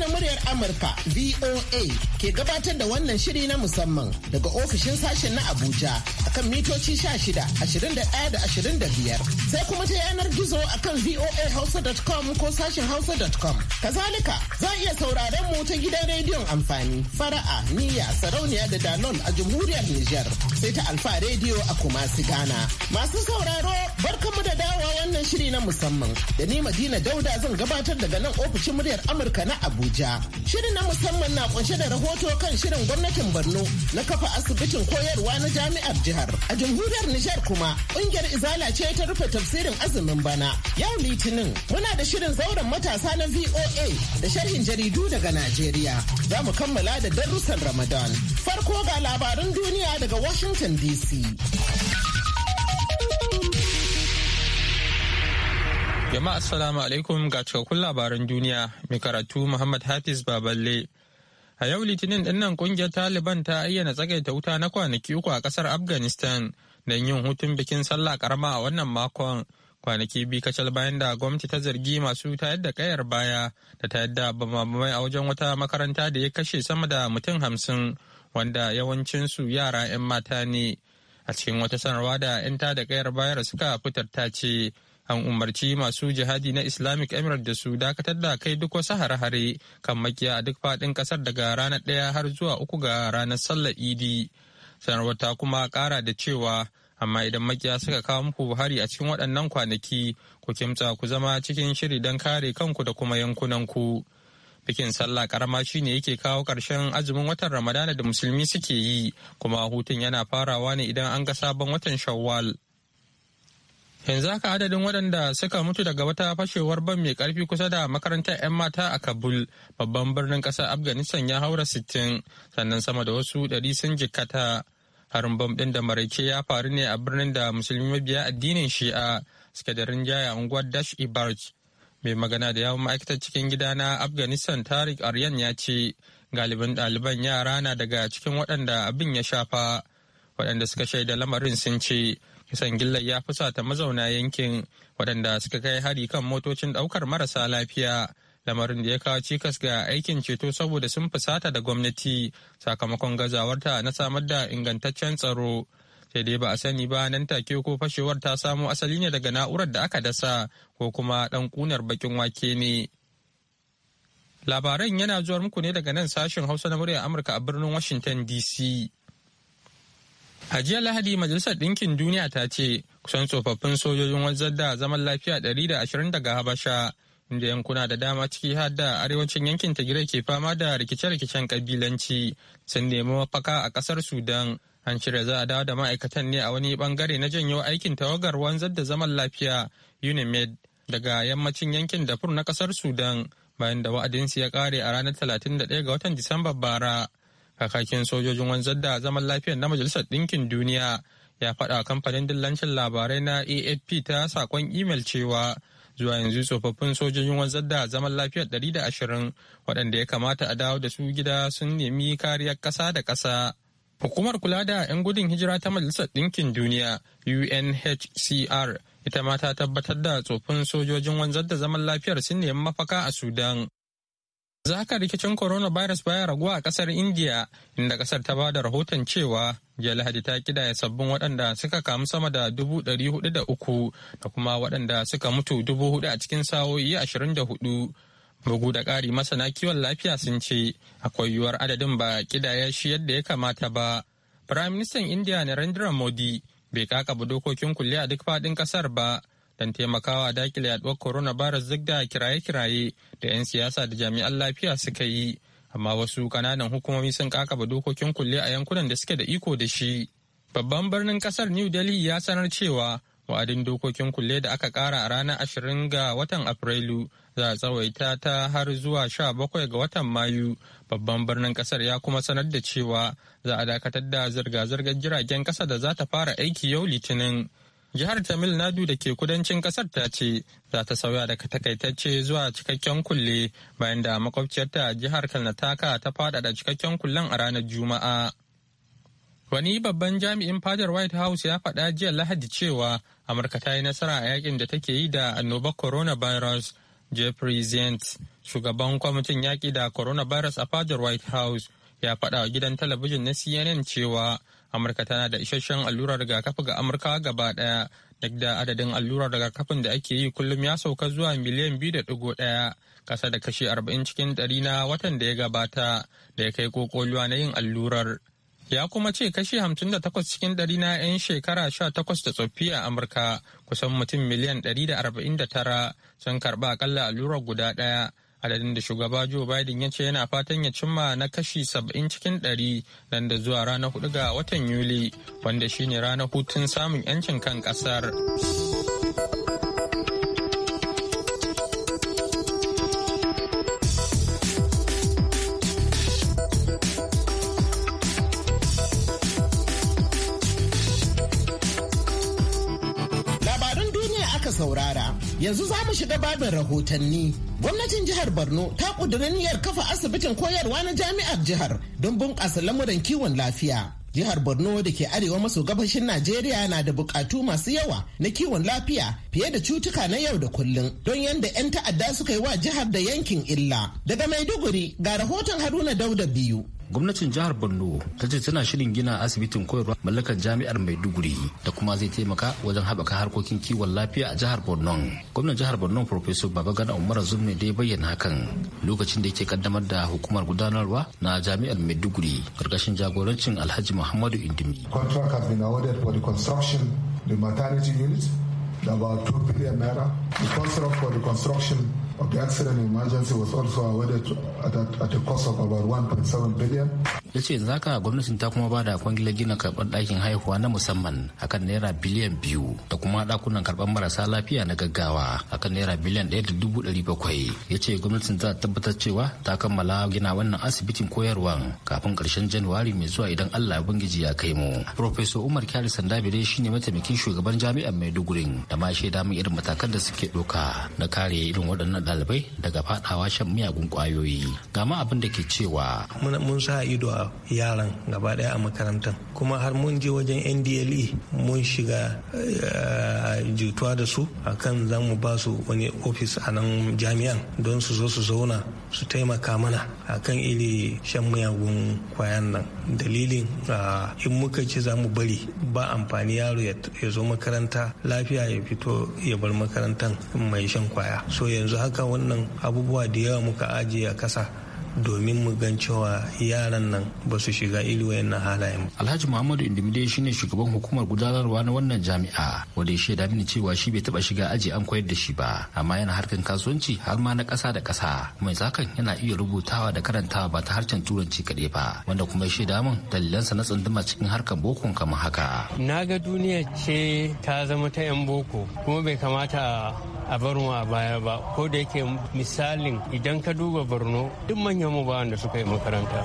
na muryar Amurka VOA ke gabatar da wannan shiri na musamman daga ofishin sashen na Abuja akan mitoci 16, 21 da da biyar Sai kuma ta yanar gizo akan voahausa.com ko sashen hausa.com. Kazalika za a iya sauraron mu ta gidan rediyon amfani fara'a niyya sarauniya da danon a jamhuriyar Nijar. sai ta Alfa Radio a Kumasi Ghana. Masu sauraro barkanmu da dawa wannan shiri na musamman da ni Madina Dauda zan gabatar daga nan ofishin muryar Amurka na Abuja. Shirin na musamman na kunshe da rahoto kan shirin gwamnatin Borno na kafa asibitin koyarwa na jami'ar jihar. A jamhuriyar Nijar kuma kungiyar Izala ce ta rufe tafsirin azumin bana. Yau Litinin muna da shirin zauren matasa na VOA da sharhin jaridu daga Najeriya. Za mu kammala da darussan Ramadan. Farko ga labarin duniya daga Washington Washington DC. Jama'a Assalamu alaikum ga cikakkun labaran duniya mai karatu Muhammad Hafiz Baballe. A yau Litinin dinnan kungiyar Taliban ta ayyana tsagaita wuta na kwanaki uku a kasar Afghanistan don yin hutun bikin sallah karama a wannan makon kwanaki biyu kacal bayan da gwamnati ta zargi masu ta yadda kayar baya da ta yadda bamamai a wajen wata makaranta da ya kashe sama da mutum hamsin wanda yawancinsu yara 'yan mata ne a cikin wata sanarwa da 'yan da kayar bayar suka fitar ta ce an umarci masu jihadi na islamic emirates da su dakatar da kai duk wasu hare-hare kan makiya a duk faɗin ƙasar daga ranar ɗaya har zuwa uku ga ranar sallar idi sanarwar ta kuma kara da cewa amma idan makiya suka kawo muku hari a cikin waɗannan kwanaki ku kimtsa ku zama cikin shiri don kare kanku da kuma yankunanku. ku bikin sallah karama shi shine yake kawo karshen azumin watan ramadana da musulmi suke yi kuma hutun yana farawa ne idan an ga sabon watan shawwal yanzu haka adadin waɗanda suka mutu daga wata fashewar ban mai ƙarfi kusa da makarantar 'yan mata a kabul babban birnin ƙasar afghanistan ya haura sittin sannan sama da wasu ɗari sun jikkata harin bam ɗin da maraice ya faru ne a birnin da musulmi mabiya addinin shi'a suka da rinjaya unguwar dash ibarge mai magana da yawon ma'aikatar cikin gida na afghanistan tarik aryan ya ce galibin ɗaliban yara na daga cikin waɗanda abin ya shafa waɗanda suka shaida lamarin sun ce kisan gillar ya fusata mazauna yankin waɗanda suka kai hari kan motocin ɗaukar marasa lafiya lamarin da ya kawo cikas ga aikin ceto saboda sun fusata da gwamnati sakamakon gazawarta na samar da ingantaccen tsaro sai dai ba a sani ba nan take ko fashewar ta samo asali ne daga na'urar da aka dasa ko kuma dan kunar bakin wake ne. Labaran yana zuwar muku ne daga nan sashen Hausa na murya Amurka a birnin Washington DC. A jiya Lahadi Majalisar Ɗinkin Duniya ta ce kusan tsofaffin sojojin wajen da zaman lafiya 120 daga Habasha inda yankuna da dama ciki har da arewacin yankin Tigray ke fama da rikice-rikicen kabilanci sun nemi mafaka a ƙasar Sudan an shirya za a dawo da ma'aikatan ne a wani bangare na janyo aikin tawagar wanzar da zaman lafiya unimed daga yammacin yankin dafur na kasar sudan bayan da wa'adinsu ya kare a ranar 31 ga watan disamba bara kakakin sojojin wanzar da zaman lafiya na majalisar ɗinkin duniya ya faɗa kamfanin dillancin labarai na afp ta sakon imel cewa zuwa yanzu tsofaffin sojojin wanzar da zaman lafiyar 120 waɗanda ya kamata a dawo da su gida sun nemi kariyar ƙasa da ƙasa Hukumar kula da 'yan gudun hijira ta Majalisar Ɗinkin Duniya UNHCR ita ma ta tabbatar da tsofin sojojin wanzar da zaman lafiyar sun nemi mafaka a Sudan. Za rikicin coronavirus baya raguwa a kasar India inda kasar ta bada rahoton cewa jiya Lahadi ta kidaya sabbin waɗanda suka kamu sama da dubu ɗari hudu da uku da kuma waɗanda suka mutu dubu a cikin sa'o'i ashirin da hudu Bugu da ƙari masana kiwon lafiya sun ce akwai yiwuwar adadin ba kidaya shi yadda ya kamata ba. prime minister na Narendra Modi bai kakaba dokokin kulle a duk faɗin ƙasar ba don taimakawa dakile yaduwar coronavirus duk da kiraye-kiraye da 'yan siyasa da jami'an lafiya suka yi. Amma wasu kananan hukumomi sun kakaba dokokin kulle a yankunan da suke da iko da shi. Babban birnin ƙasar New Delhi ya sanar cewa wa'adin dokokin kulle da aka kara a ranar ashirin ga watan afrilu za a tsawaita ta har zuwa sha bakwai ga watan mayu babban birnin kasar ya kuma sanar da cewa za a dakatar da zirga-zirgar jiragen kasa da za ta fara aiki yau litinin jihar tamil nadu da ke kudancin kasar ta ce za ta sauya daga takaitacce zuwa cikakken kulle bayan da makwabciyarta jihar kalnataka ta faɗaɗa cikakken kullen a ranar juma'a Wani babban jami'in fadar White House ya faɗa jiya Lahadi cewa Amurka ta yi nasara a yakin da take yi da annobar coronavirus. Jeffrey Zient, shugaban kwamitin yaƙi da coronavirus a fadar White House, ya faɗa wa gidan talabijin na CNN cewa Amurka tana da isasshen allurar rigakafi ga Amurka gaba ɗaya, duk da adadin allurar rigakafin da ake yi kullum ya sauka zuwa miliyan biyu da ɗigo ɗaya, ƙasa da kashi arba'in cikin ɗari na watan da ya gabata da ya kai ƙoƙoluwa na yin allurar. ya kuma ce kashi 58 cikin ɗari na 'yan shekara 18 da tsoffi a amurka kusan mutum miliyan 149 sun karba akalla allurar guda ɗaya adadin da shugaba joe biden ya ce yana fatan ya cimma na kashi 70 cikin 100 nan da zuwa ranar 4 ga watan yuli wanda shine ranar hutun samun 'yancin kan ƙasar. Yanzu za mu shiga babin rahotanni. Gwamnatin jihar Borno ta ƙudiri niyyar kafa asibitin koyarwa na jami'ar jihar don bunƙasa lamuran kiwon lafiya. Jihar Borno da ke arewa maso gabashin Najeriya na da buƙatu masu yawa na kiwon lafiya fiye da cutuka na yau da kullum don yadda 'yan ta'adda suka yi wa jihar da yankin illa. Daga Maiduguri ga rahoton Haruna Dauda biyu. gwamnatin jihar borno ta ce tana shirin gina asibitin koyarwa mallakar jami'ar maiduguri da kuma zai taimaka wajen haɓaka harkokin kiwon lafiya a jihar borno gwamnan jihar borno professor babagana umar zulmi da ya bayyana hakan lokacin da yake kaddamar da hukumar gudanarwa na jami'ar maiduguri karkashin jagorancin alhaji muhammadu indimi contract has been awarded for the construction the maternity unit about 2 billion naira the contract for the construction of the accident emergency was also awarded at a, at a cost of about 1.7 billion. Ya ce yanzu haka gwamnatin ta kuma bada kwangilar gina karɓar ɗakin haihuwa na musamman akan naira biliyan biyu da kuma ɗakunan karɓar marasa lafiya na gaggawa akan naira biliyan ɗaya da dubu ɗari bakwai. Ya ce gwamnatin za ta tabbatar cewa ta kammala gina wannan asibitin koyarwan kafin ƙarshen Januwari mai zuwa idan Allah ya bangiji ya kai mu. Profesa Umar Kyari Sandabire ne mataimakin shugaban jami'ar Maiduguri da ma shaida min irin matakan da suke ɗauka na kare irin waɗannan ɗalibai daga fadawa shan miyagun kwayoyi ga abin da ke cewa mun sa ido a yaran gaba daya a makarantar kuma har mun je wajen ndle mun shiga eh, jituwa da su akan za mu ba su wani ofis a nan jami'an don su zo su zauna su taimaka mana a kan iri shan miyagun kwayan nan dalilin in muka ci za mu bari ba amfani yaro ya zo makaranta lafiya ya fito ya bar makarantan mai shan kwaya so yanzu haka wannan abubuwa da yawa muka ajiye a kasa domin mu gan cewa yaran nan ba su shiga iri wayannan halayen. Alhaji Muhammadu Indimide ne shugaban hukumar gudanarwa na wannan jami'a wanda ya shaida mini cewa shi bai taba shiga aji an koyar da shi ba amma yana harkan kasuwanci har ma na kasa da kasa mai zakan yana iya rubutawa da karantawa ba ta harshen turanci kaɗai ba wanda kuma ya da mun dalilansa na tsunduma cikin harkar bokon kamar haka. Na ga duniya ce ta zama ta 'yan boko kuma bai kamata a barno a baya ba ko da yake misalin idan ka duba borno duk manyan mu ba wanda suka yi makaranta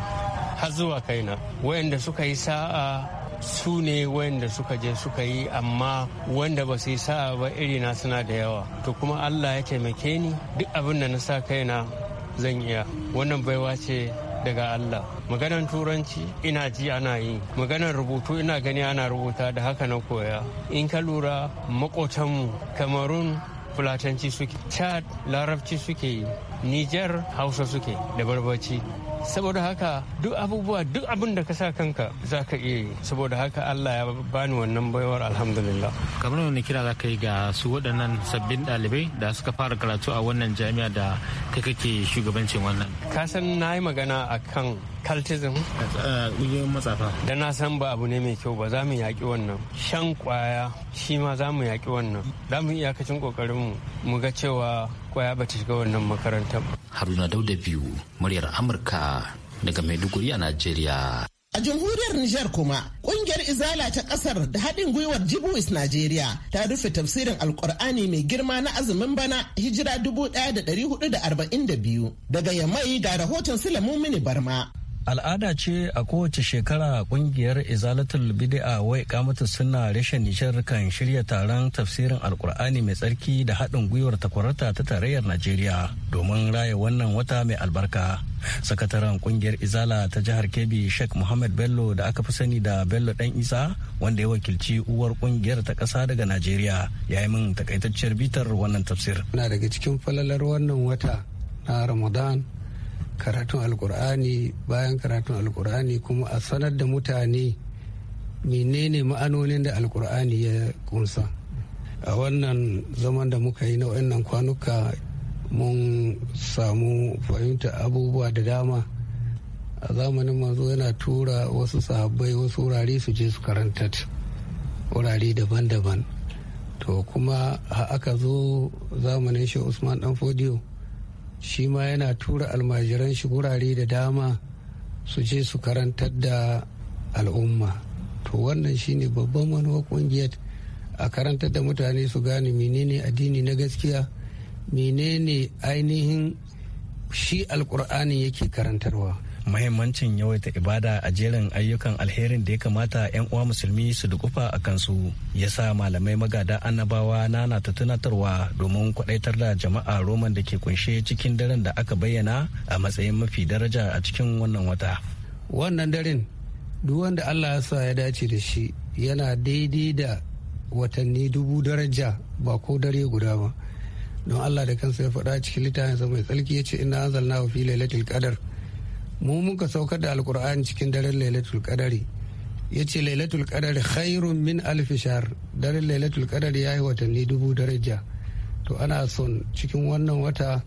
har zuwa kaina wayanda suka yi sa'a su ne wayanda suka je suka yi amma wanda ba su yi sa'a ba iri na suna da yawa to kuma allah ya taimake ni duk abin da na sa kaina zan iya wannan baiwa ce daga allah maganar turanci ina ji ana yi maganar rubutu ina gani ana rubuta da haka na koya in ka lura makotanmu kamarun fulatanci suke chad larabci suke yi Nijar Hausa suke da barbaci. saboda haka duk abubuwa duk abin da ka sa kanka za ka iya yi saboda haka allah ya bani wannan baiwar alhamdulillah kamar wani kira za ka yi ga su waɗannan sabbin ɗalibai da suka fara karatu a wannan jami'a da kake shugabancin wannan ka san na yi magana a kan cultism ƙungiyoyin eh, matsafa da na san ba abu ne mai kyau ba za mu yaƙi wannan shan kwaya shi ma za mu yaƙi wannan za mu iyakacin ƙoƙarinmu mu ga cewa kwaya ba ta shiga wannan makarantar haruna dauda biyu muryar amurka daga maiduguri a najeriya A jamhuriyar Nijar kuma kungiyar Izala ta kasar da haɗin gwiwar jibuwis Najeriya ta rufe tafsirin Alƙur'ani mai girma na azumin bana hijira 1442 daga Yamai ga rahoton Sulamu Mini Barma. al'ada ce a kowace shekara kungiyar izalatul bid'a wai kamata suna rashin nishar kan shirya taron tafsirin alkur'ani mai tsarki da haɗin gwiwar takwarata ta tarayyar najeriya domin raya wannan wata mai albarka sakataren kungiyar izala ta jihar kebbi sheikh muhammad bello da aka fi sani da bello dan isa wanda ya wakilci uwar kungiyar ta ƙasa daga najeriya ya yi min takaitacciyar bitar wannan tafsir na daga cikin falalar wannan wata na ramadan karatun alkur'ani bayan karatun alkur'ani kuma a sanar da mutane menene ma'anonin da alkur'ani ya kunsa a wannan zaman da muka yi na wannan kwanuka mun samu fahimta abubuwa da dama a zamanin manzo yana tura wasu sahabbai wasu wurare su je su karanta wurare daban-daban to kuma aka zo zamanin shi usman dan fodiyo shi ma yana tura almajiran shi gurare da dama su je su karantar da al'umma to wannan shine babban wani kungiyar a karantar da mutane su gane menene addini na gaskiya menene ainihin shi alkur'ani yake karantarwa mahimmancin yawaita ibada a jerin ayyukan alherin da ya kamata 'yan uwa musulmi su dukufa a kansu ya sa malamai magada annabawa na ta tunatarwa domin kwadaitar da jama'a roman da ke kunshe cikin daren da aka bayyana a matsayin mafi daraja a cikin wannan wata wannan daren duk wanda allah ya sa ya dace da shi yana daidai da watanni dubu daraja ba ko dare guda ba don allah da kansa ya faɗa cikin sa mai tsarki ya ce ina anzalna fi lailatul qadar mu muka saukar da alkur'ani cikin daren lailatul qadari ya ce lailatul qadari khairun min alfishar daren lailatul qadari ya yi watanni dubu daraja to ana son cikin wannan wata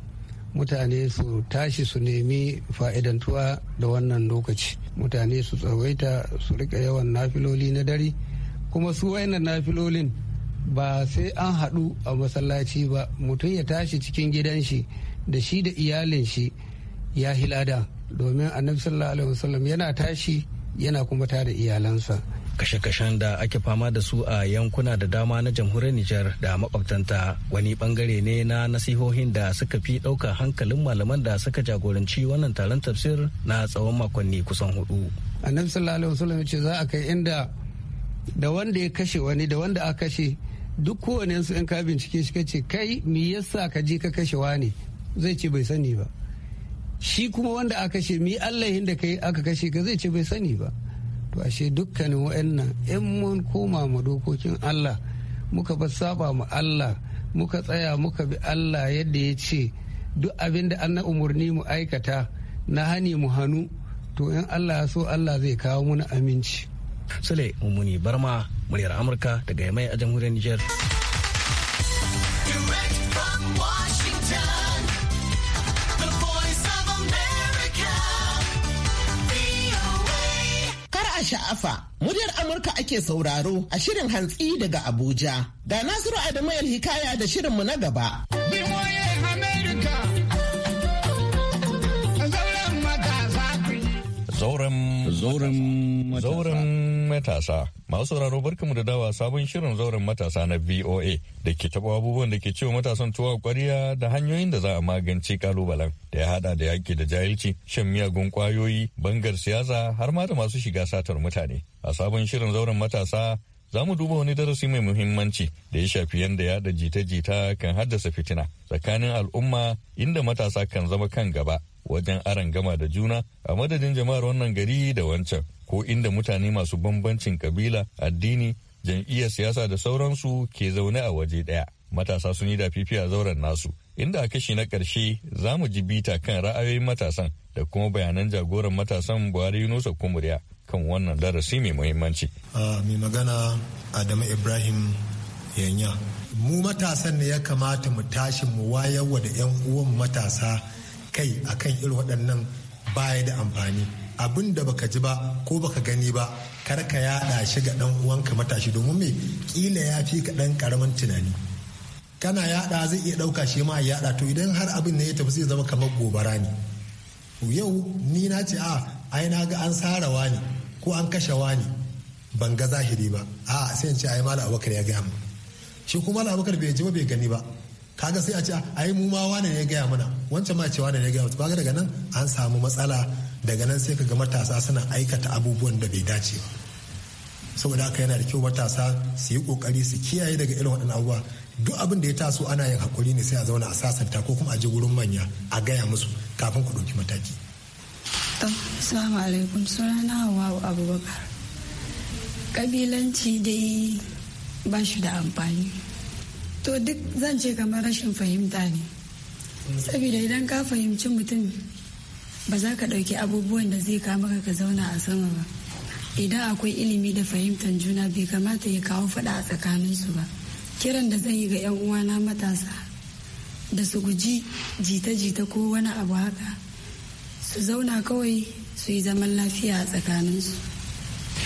mutane su tashi su nemi fa'idantuwa da wannan lokaci mutane su tsawaita su rika yawan nafiloli na dare kuma su wayannan nafilolin ba sai an haɗu a masallaci ba mutum ya tashi cikin gidan shi da shi da iyalin shi ya hilada domin annabi sallallahu alaihi wasallam yana tashi yana kuma tada iyalansa kashe-kashen da ake fama da su a yankuna da dama na jamhuriyar Nijar da makwabtanta wani bangare ne na nasihohin da suka fi dauka hankalin malaman da suka jagoranci wannan taron tafsir na tsawon makonni kusan hudu. Annabi sallallahu alaihi wasallam ce za a kai inda da wanda ya kashe wani da wanda aka kashe duk kowane su in ka bincike shi ce kai me yasa ka je ka kashe wani zai ce bai sani ba shi kuma wanda aka kashe mi allah da kai aka kashe ka zai ce bai sani ba to ashe dukkanin wa'annan yan mun koma mu dokokin allah muka bar saba mu allah muka tsaya muka bi allah yadda ya ce duk abin da an na umarni mu aikata na hani mu hannu to in allah ya so allah zai kawo muna aminci sule mummuni barma muryar amurka daga yamai a jamhuriyar niger sha'afa. Muryar Amurka ake sauraro a shirin hantsi daga Abuja. Ga Nasiru Adamu Hikaya da shirinmu na gaba. Zauren Zauren matasa. matasa. Masu sauraro barkamu da dawa sabon shirin zauren matasa na VOA da ke taɓa abubuwan da ke cewa matasan tuwa kwariya da hanyoyin da za a magance kalubalen da ya hada da yaƙi da jahilci, shan miyagun kwayoyi bangar siyasa har ma da masu shiga satar mutane. A sabon shirin zauren matasa za mu duba wani darasi mai muhimmanci da ya shafi yadda yada jita-jita kan haddasa fitina tsakanin al'umma inda matasa kan zama kan gaba wajen aron gama da juna a madadin jama'ar wannan gari da wancan ko inda mutane masu bambancin kabila addini jam'iyyar siyasa da sauransu ke zaune a waje ɗaya matasa sun yi da fifiya zauren nasu inda a kashi na ƙarshe za mu ji bita kan ra'ayoyin matasan da kuma bayanan jagoran matasan buhari yunusa kumuriya kan wannan darasi mai muhimmanci. mai magana adamu ibrahim yanya mu matasan ne ya kamata mu tashi mu wayarwa da 'yan uwan matasa kai akan irin waɗannan baya da amfani abin da baka ji ba ko baka gani ba kar ka yaɗa shi ga ɗan uwanka matashi domin me kila ya fi ka ɗan ƙaramin tunani kana yaɗa zai iya ɗauka shi ma ya yaɗa to idan har abin ne ya tafi zai zama kamar gobara ne yau ni na ce a ah, ai na ga an sara wani ko an kashe wani ban ga zahiri ba a sai in ce ai malam abubakar ya gaya mu shi kuma malam abubakar bai ji ba bai gani ba kaga sai a ce ai mu ma wani ne ya gaya mana wancan ma ce wani ne ya gaya mu kaga daga nan an samu matsala daga nan sai ka ga matasa suna aikata abubuwan da bai dace ba saboda haka yana da kyau matasa su yi kokari su kiyaye daga irin waɗannan abubuwa duk abin da ya taso ana yin hakuri ne sai a zauna a sasanta ko kuma a je wurin manya a gaya musu kafin ku ɗauki mataki. Assalamu alaikum sunana wa Abubakar. Kabilanci dai ba shi da amfani. To duk zan ce kamar rashin fahimta ne. Saboda idan ka fahimci mutum ba za ka ɗauki abubuwan da zai kama ka zauna a sama ba idan akwai ilimi da fahimtar juna bai kamata ya kawo faɗa a tsakanin su ba kiran da zan yi ga 'yan uwana matasa da su guji jita-jita ko wani abu haka su zauna kawai su yi zaman lafiya a tsakaninsu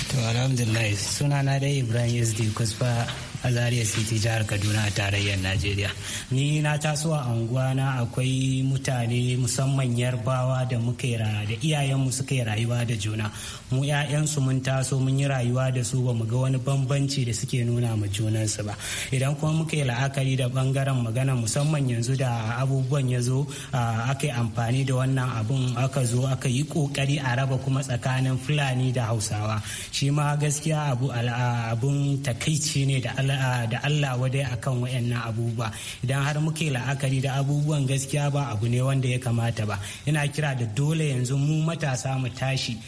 to alhamdulillah sunana dai ibrahim yasdi kusfa a Zaria City jihar Kaduna a tarayyar Najeriya. Ni na taso a unguwana akwai mutane musamman yarbawa da muke da iyayenmu suke rayuwa da juna. Mu 'ya'yansu mun taso mun yi rayuwa da su ba mu ga wani bambanci da suke nuna ma junansu ba. Idan kuma muke la'akari da bangaren magana musamman yanzu da abubuwan ya zo aka yi amfani da wannan abun aka zo aka yi kokari a raba kuma tsakanin Fulani da Hausawa. Shi ma gaskiya abu abun takaici ne da Allah da Allah wadai kan wayannan abubuwa idan har muke la'akari da abubuwan gaskiya ba abu ne wanda ya kamata ba ina kira da dole yanzu mu matasa mu tashi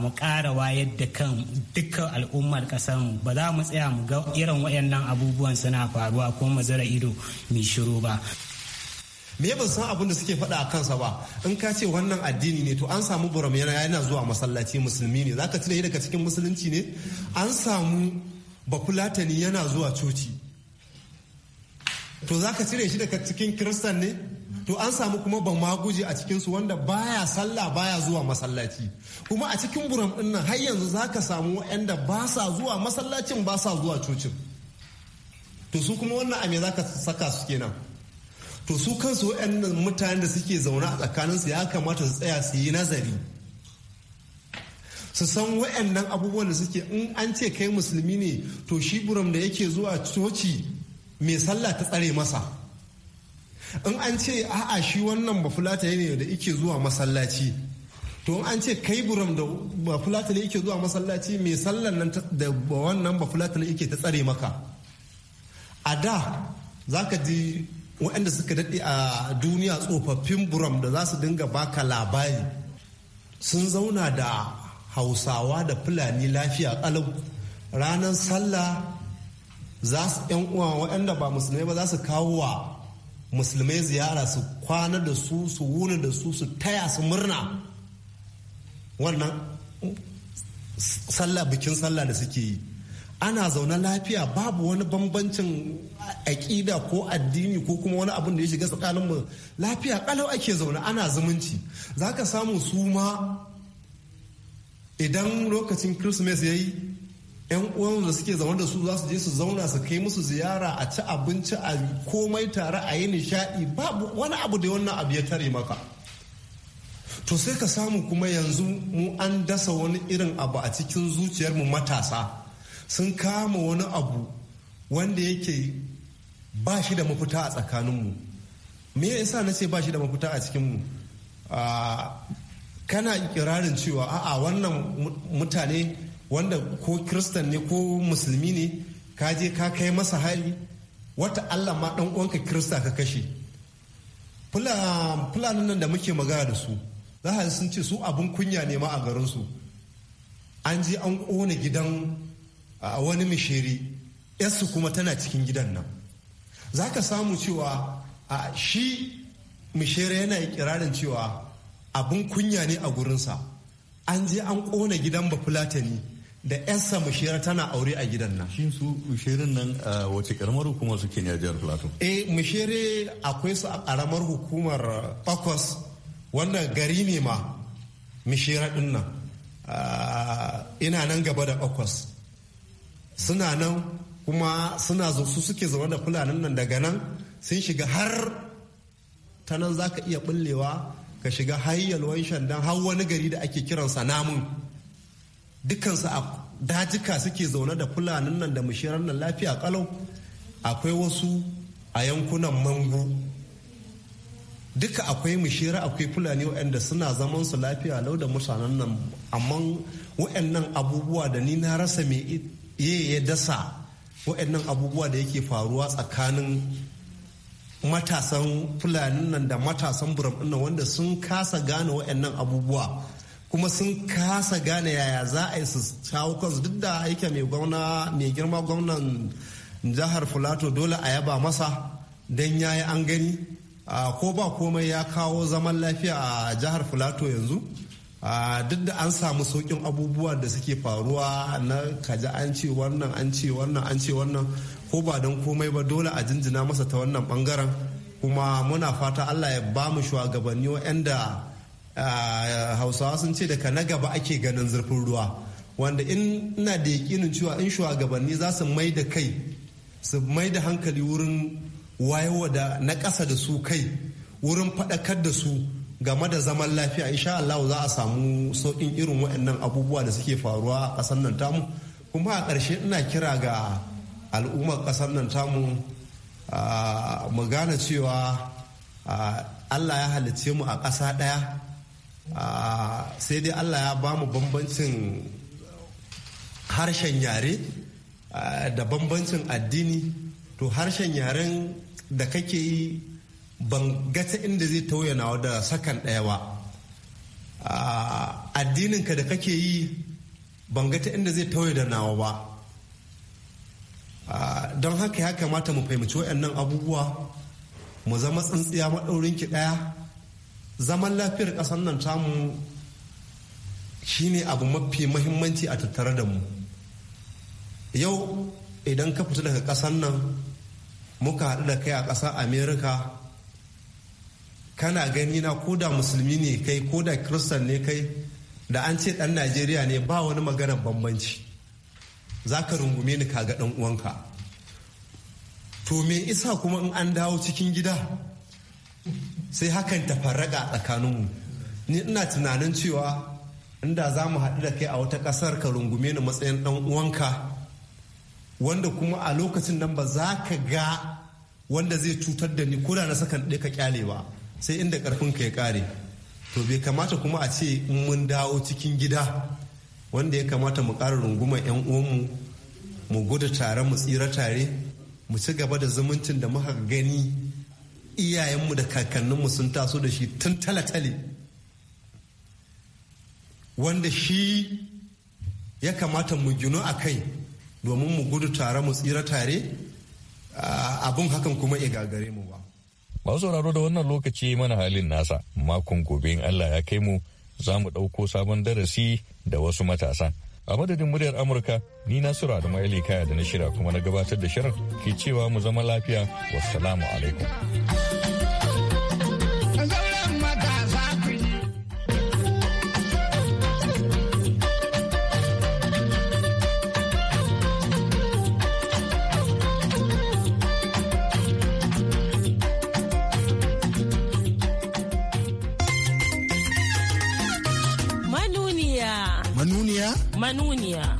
mu ƙara wayar da kan dukkan al'ummar ƙasar mu ba za mu tsaya mu ga irin wayannan abubuwan suna faruwa ko mu zara ido mu shiru ba me ban san abin da suke faɗa a kansa ba in ka ce wannan addini ne to an samu buram yana zuwa masallaci musulmi ne zaka cire daga cikin musulunci ne an samu bafulatani yana zuwa coci to za cire shi daga cikin kiristan ne to an samu kuma ban maguji a cikinsu wanda baya sallah baya zuwa masallaci kuma a cikin buram din nan har yanzu zaka samu waɗanda ba sa zuwa masallacin ba sa zuwa cocin to su kuma wannan a me za saka su kenan to su kansu waɗannan mutanen da suke zaune a tsakaninsu ya kamata su tsaya su yi nazari su san wa'annan abubuwan da suke in an ce kai musulmi ne to shi buram da yake zuwa coci mai sallah ta tsare masa in an ce a'a shi wannan bafulata ne da yake zuwa masallaci to in an ce kai buram da bafulata ne yake zuwa masallaci mai sallar nan da wannan bafulata ne yake ta tsare maka a da za ka ji waɗanda suka daɗe a duniya tsofaffin buram da za su dinga baka labari sun zauna da hausawa da fulani lafiya kalau ranar sallah za su yan uwa waɗanda ba musulmai ba za su kawo wa musulmai ziyara su kwana da su su wuni da su su taya su murna wannan sallah bikin sallah da suke yi ana zaune lafiya babu wani bambancin aƙida ko addini ko kuma wani abin da ya shiga tsakanin mu lafiya kalau ake zaune ana zumunci zaka samu su ma idan lokacin kirsimeti ya yi yan uwan da suke zaune da su za su je su zauna su kai musu ziyara a ci abinci a komai tare a yi nishaɗi, babu wani abu da wannan abu ya tare maka to sai ka samu kuma yanzu mu an dasa wani irin abu a cikin zuciyarmu matasa sun kama wani abu wanda yake ba shi da mafita a tsakaninmu me yasa na ce ba shi da mafita a cikinmu ah, kana ikirarin cewa a'a wannan mutane wanda ko kristan ne ko musulmi ne ka je ka kai masa hari wata allah ma dan uwanka Kirista ka kashe fulanin nan da muke magana da su za a sun ce su abin kunya ne ma a garinsu an je an kone gidan a wani mishiri yarsu kuma tana cikin gidan nan za ka samu cewa a shi mishiri yana ikirarin cewa abin kunya ne a gurinsa an je an kona gidan bafulatani da yansa mushira tana aure a gidan nan shi su mushirin nan a wace karamar hukumar suke ne jihar plateau eh mushere akwai su a karamar hukumar bakwas wannan gari ne ma mushira din nan ina nan gaba da bakwas suna nan kuma suna zo su suke zama da fulanin nan daga nan sun shiga har ta nan za ka iya bullewa ka shiga hayyar wanshan don har wani gari da ake kiransa namun dukansu a dajika suke zaune da fulanin nan da mashirar nan lafiya kalau akwai wasu a yankunan mangu duka akwai mashira akwai fulani waɗanda suna zaman su lafiya lau da mutanen nan amma waɗannan abubuwa da ni na rasa mai ya dasa waɗannan abubuwa da yake faruwa tsakanin matasan fulani nan da matasan buram ɗin wanda sun kasa gane waɗannan abubuwa kuma sun kasa gane yaya za a yi su shawo kansu duk da yake mai gwamna mai girma gwamnan jihar fulato dole a yaba masa don ya yi an gani ko ba komai ya kawo zaman lafiya a jihar fulato yanzu duk da an samu saukin abubuwa da suke faruwa na kaji an ce wannan an ce wannan an ce wannan ko ba don komai ba dole a jinjina masa ta wannan bangaren kuma muna fata allah ya ba mu shugabanni wa'anda hausawa sun ce daga na gaba ake ganin zurfin ruwa wanda ina da yakinin cewa in shugabanni za su mai da kai su mai da hankali wurin wayewa da na ƙasa da su kai wurin faɗakar da su game da zaman lafiya insha Allah za a samu sauƙin irin waɗannan abubuwa da suke faruwa a ƙasar nan tamu kuma a ƙarshe ina kira ga al'ummar ƙasar nan tamu mu gane cewa allah ya halicce mu a ƙasa ɗaya sai dai allah ya ba mu bambancin harshen yare da bambancin addini to harshen yaren da kake yi ban gata inda zai tauyanawa da sakan ɗaya ba addininka da kake yi ban ga inda zai tauye da nawa ba don haka ya kamata mu fahimci waɗannan abubuwa mu zama tsintsiya maɗaurin ki ɗaya zaman lafiyar ƙasar nan tamu shine abu mafi mahimmanci a tattare da mu yau idan ka fita daga ƙasar nan muka haɗu da kai a ƙasar amerika kana gani na da musulmi ne kai koda kristan ne kai da an ce ɗan najeriya ne ba wani maganar bambanci za ka rungume ni kaga ɗan uwanka to me isa kuma in an dawo cikin gida sai hakan ta farraga tsakaninmu ni ina tunanin cewa inda za mu haɗu da kai a wata ƙasar ka rungume ni matsayin ɗan uwanka wanda kuma a lokacin nan ba za ka ga wanda zai cutar da ni ko da na sakan ɗaya ka kyale ba sai inda ƙarfin ka ya ƙare to bai kamata kuma a ce in mun dawo cikin gida wanda ya kamata mu kara rungumar 'yan uwanmu mu gudu tare mu tsira tare mu ci gaba da zumuncin da muka gani iyayenmu da kakanninmu sun taso da shi tun talatale wanda shi ya kamata mu gino a kai domin mu gudu tare mu tsira tare abin hakan kuma ya gagare mu ba masu sauraro da wannan lokaci mana halin nasa makon gobe in allah ya kai mu za mu ɗauko sabon darasi da wasu matasan. A madadin muryar Amurka, ni na sura da kaya da na shira kuma na gabatar da shirin ke cewa mu zama lafiya. Wassalamu alaikum. manuniya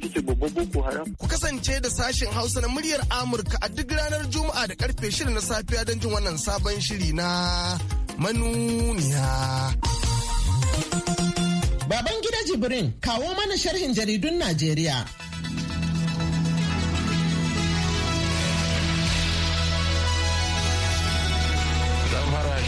ita ce boko haram. Ku kasance da sashen Hausa na muryar Amurka a duk ranar Juma'a da karfe shirin na safiya don jin wannan sabon shiri na manuniya. Baban gida Jibrin kawo mana sharhin jaridun Najeriya.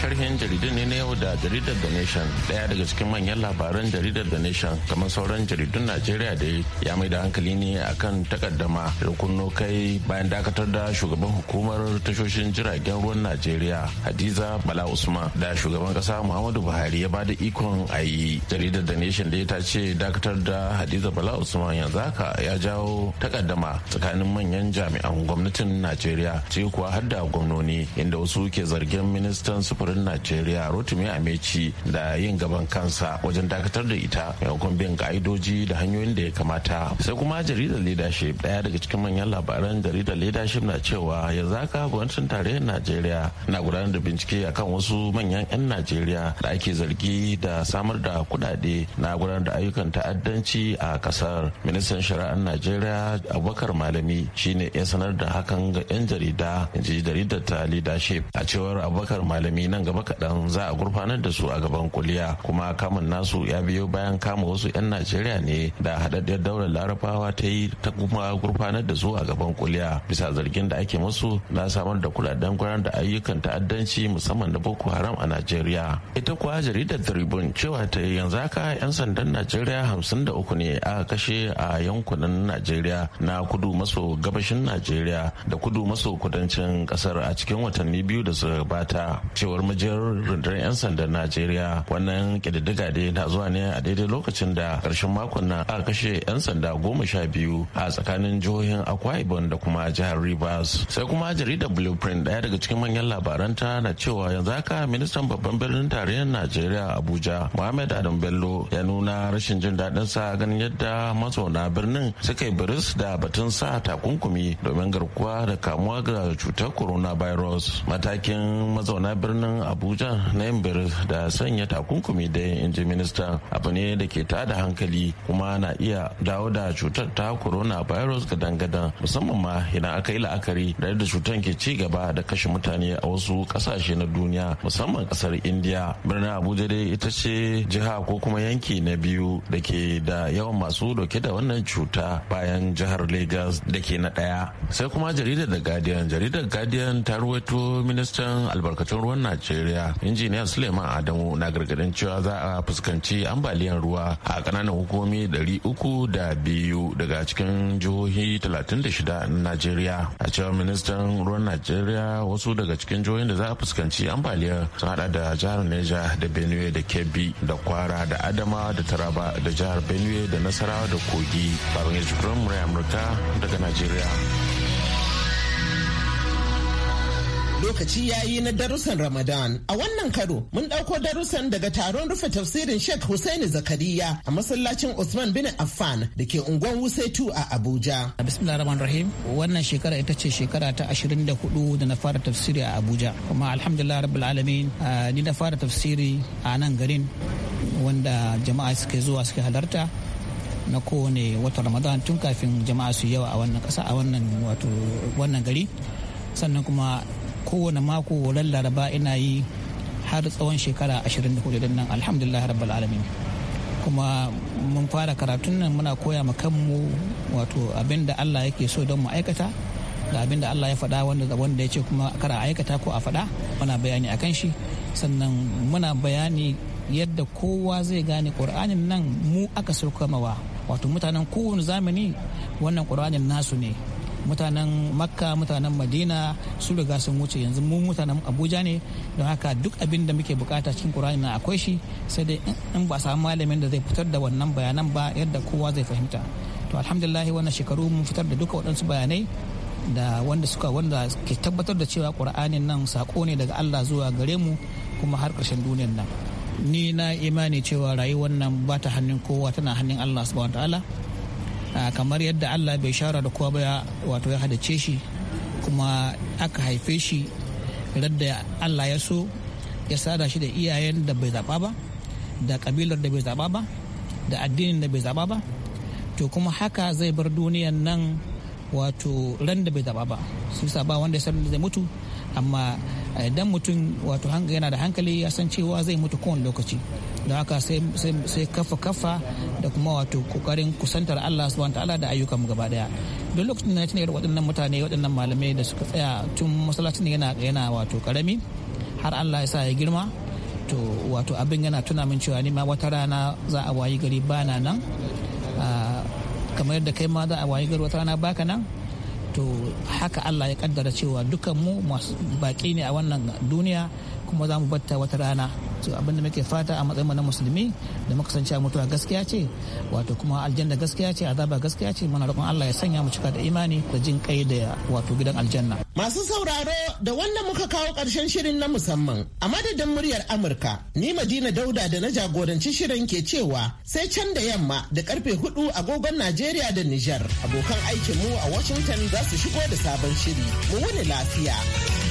sharhin jaridun ne na yau da jaridar The Nation daya daga cikin manyan labaran jaridar The Nation kamar sauran jaridun Najeriya da ya mai da hankali ne akan takaddama rukunno kai bayan dakatar da shugaban hukumar tashoshin jiragen ruwan Najeriya Hadiza Bala Usman da shugaban kasa Muhammadu Buhari ya bada ikon a yi jaridar The Nation da ta ce dakatar da Hadiza Bala Usman yanzu haka ya jawo takaddama tsakanin manyan jami'an gwamnatin Najeriya ce kuwa har da gwamnoni inda wasu ke zargin ministan sufurin tsaron najeriya rotimi ameci da yin gaban kansa wajen dakatar da ita maimakon bin ka'idoji da hanyoyin da ya kamata sai kuma jaridar leadership daya daga cikin manyan labaran jaridar leadership na cewa yanzu haka gwamnatin tarayyar najeriya na gudanar da bincike akan wasu manyan 'yan najeriya da ake zargi da samar da kudade na gudanar da ayyukan ta'addanci a kasar ministan shari'ar najeriya abubakar malami shine ya sanar da hakan ga 'yan jarida in ji jaridar ta leadership a cewar abubakar malami nan gaba kaɗan za a gurfanar da su a gaban kuliya kuma kamun nasu ya biyo bayan kama wasu 'yan najeriya ne da haɗaɗɗiyar daular larabawa ta yi ta kuma gurfanar da su a gaban kuliya bisa zargin da ake musu na samar da kudaden gudanar da ayyukan ta'addanci musamman na boko haram a najeriya ita kuwa jaridar tribune cewa ta yanzu haka 'yan sandan najeriya hamsin da uku ne aka kashe a yankunan najeriya na kudu maso gabashin najeriya da kudu maso kudancin kasar a cikin watanni biyu da suka gabata cewar majiyar rundunar 'yan sandan najeriya wannan kididdiga dai na zuwa ne a daidai lokacin da karshen makon na aka kashe 'yan sanda goma sha biyu a tsakanin jihohin akwa ibom da kuma jihar rivers sai kuma jaridar blueprint daya daga cikin manyan labaranta na cewa yanzu haka ministan babban birnin tarayyar najeriya abuja muhammad adam bello ya nuna rashin jin daɗin sa ganin yadda mazauna birnin suka yi biris da batun sa takunkumi domin garkuwa da kamuwa ga cutar virus matakin mazauna birnin abuja na yin da sanya takunkumi da in ji minista abu ne da ke tada hankali kuma na iya dawo da cutar ta virus ga dangadan musamman ma idan aka yi la'akari da yadda cutar ke ci gaba da kashe mutane a wasu kasashe na duniya musamman kasar india birnin abuja dai ita ce jiha ko kuma yanki na biyu da ke da yawan masu dauke da wannan cuta bayan jihar lagos da ke na ɗaya. sai kuma jaridar da guardian jaridar guardian ta ruwaito ministan albarkatun ruwan najeriya najeriya injiniyar suleiman adamu na gargadin cewa za a fuskanci ambaliyar ruwa a kananan hukumomi uku da biyu daga cikin jihohi talatin da shida na najeriya a cewar ministan ruwan najeriya wasu daga cikin jihohin da za a fuskanci ambaliyar sun hada da jihar neja da benue da kebbi da kwara da adama da taraba da jihar benue da nasarawa da kogi babban ya murai amurka daga najeriya Lokaci ya yi na darussan Ramadan. A wannan karo mun ɗauko darussan daga taron rufe tafsirin Sheikh Hussaini Zakariya a masallacin Usman bin Affan da ke unguwar Wusaitu a Abuja. rahim Wannan shekara ita ce shekara ta 24 da na fara tafsiri a Abuja. Kuma alhamdulillah rabbil alamin ni na fara tafsiri a nan garin wanda jama'a suke zuwa suke halarta na kowane wata ramadan tun kafin jama'a su yawa a wannan kasa a wannan wato wannan gari sannan kuma kowane mako ran laraba ina yi har tsawon shekara 24 da nan alhamdulillah rabbal alamin kuma mun fara karatun nan muna koya ma kanmu wato abin da Allah yake so don mu aikata da abin da Allah ya faɗa wanda wanda ya ce kuma kara aikata ko a faɗa muna bayani a kan shi sannan muna bayani yadda kowa zai gane ƙur'anin nan mu aka saukamawa wato mutanen kowane zamani wannan ƙur'anin nasu ne mutanen makka mutanen madina su riga sun wuce yanzu mu mutanen abuja ne don haka duk abin da muke bukata cikin kur'ani na akwai shi sai dai in ba samu malamin da zai fitar da wannan bayanan ba yadda kowa zai fahimta to alhamdulillah wannan shekaru mun fitar da duka waɗansu bayanai da wanda suka wanda ke tabbatar da cewa kur'anin nan sako ne daga allah zuwa gare mu kuma har ƙarshen duniyar nan ni na imani cewa rayuwar nan ba ta hannun kowa tana hannun allah subhanahu wa ta'ala kamar yadda allah bai shara da kowa ba wato ya hadace shi kuma aka haife shi radda allah ya so ya sada shi da iyayen da bai zaɓa ba da kabilar da bai zaɓa ba da addinin da bai zaɓa ba to kuma haka zai bar duniyan nan wato ran da bai zaɓa ba su ba wanda ya sanar da zai mutu amma idan eh, mutum wato yana da hankali ya san cewa zai mutu kowane lokaci don haka sai kafa kafa da kuma wato kokarin kusantar Allah subhanahu ta'ala da ayyukan mu gaba daya don lokacin da na tunayar waɗannan mutane waɗannan malamai da suka tsaya tun masallacin yana yana wato karami har Allah ya sa ya girma to wato abin yana tuna min cewa ni ma wata rana za a wayi gari bana nan ah, kamar yadda kai ma za a wayi gari wata rana baka nan to haka allah ya kaddara cewa dukan mu masu baƙi ne a wannan duniya kuma za mu batta wata rana to da muke fata a matsayin mu na musulmi da muka san cewa mutuwa gaskiya ce wato kuma aljanna gaskiya ce azaba gaskiya ce muna roƙon Allah ya sanya mu cika da imani da jin kai da wato gidan aljanna masu sauraro da wannan muka kawo ƙarshen shirin na musamman a madadin muryar Amurka ni Madina Dauda da na jagoranci shirin ke cewa sai can da yamma da karfe hudu agogon Najeriya da Nijar abokan aikin mu a Washington za su shigo da sabon shiri mu wuni lafiya